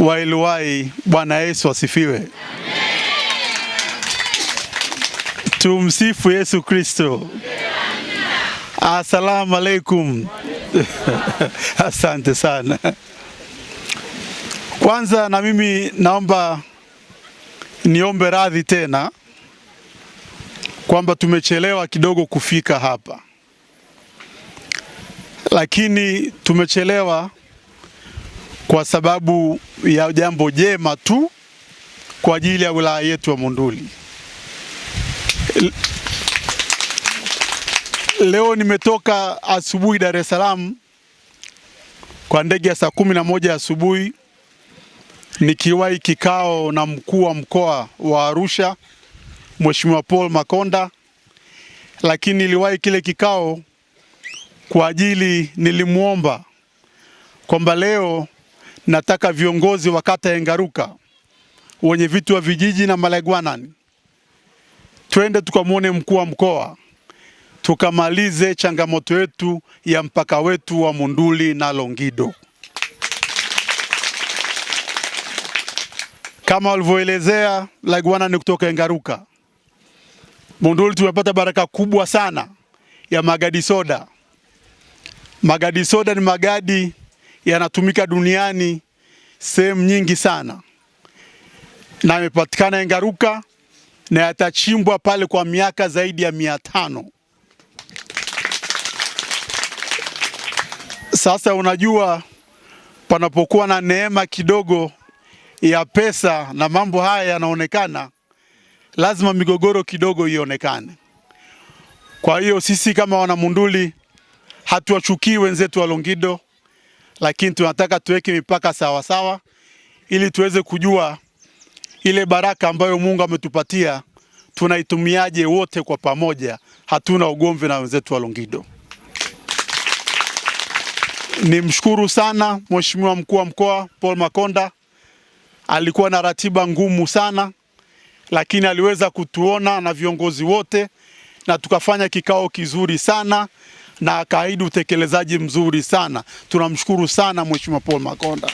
Wailuwai, Bwana Yesu asifiwe. Tumsifu Yesu Kristo. Asalamu alaikum. Asante sana. Kwanza na mimi naomba niombe radhi tena kwamba tumechelewa kidogo kufika hapa, lakini tumechelewa kwa sababu ya jambo jema tu kwa ajili ya wilaya yetu ya Monduli. Leo nimetoka asubuhi Dar es Salaam kwa ndege ya saa kumi na moja asubuhi nikiwahi kikao na mkuu wa mkoa wa Arusha Mheshimiwa Paul Makonda, lakini niliwahi kile kikao kwa ajili nilimwomba kwamba leo nataka viongozi wa kata ya Engaruka, wenye vitu wa vijiji na malaigwanani, twende tukamwone mkuu wa mkoa tukamalize changamoto yetu ya mpaka wetu wa Munduli na Longido kama walivyoelezea ni kutoka Engaruka. Munduli tumepata baraka kubwa sana ya magadi soda. Magadi soda ni magadi yanatumika duniani sehemu nyingi sana, na yamepatikana Engaruka na yatachimbwa pale kwa miaka zaidi ya mia tano. Sasa unajua, panapokuwa na neema kidogo ya pesa na mambo haya yanaonekana, lazima migogoro kidogo ionekane. Kwa hiyo sisi kama Wanamunduli hatuwachukii wenzetu wa Longido, lakini tunataka tuweke mipaka sawasawa sawa, ili tuweze kujua ile baraka ambayo Mungu ametupatia tunaitumiaje wote kwa pamoja. Hatuna ugomvi na wenzetu wa Longido. Nimshukuru sana Mheshimiwa Mkuu wa Mkoa Paul Makonda, alikuwa na ratiba ngumu sana, lakini aliweza kutuona na viongozi wote na tukafanya kikao kizuri sana na akaahidi utekelezaji mzuri sana. Tunamshukuru sana Mheshimiwa Paul Makonda.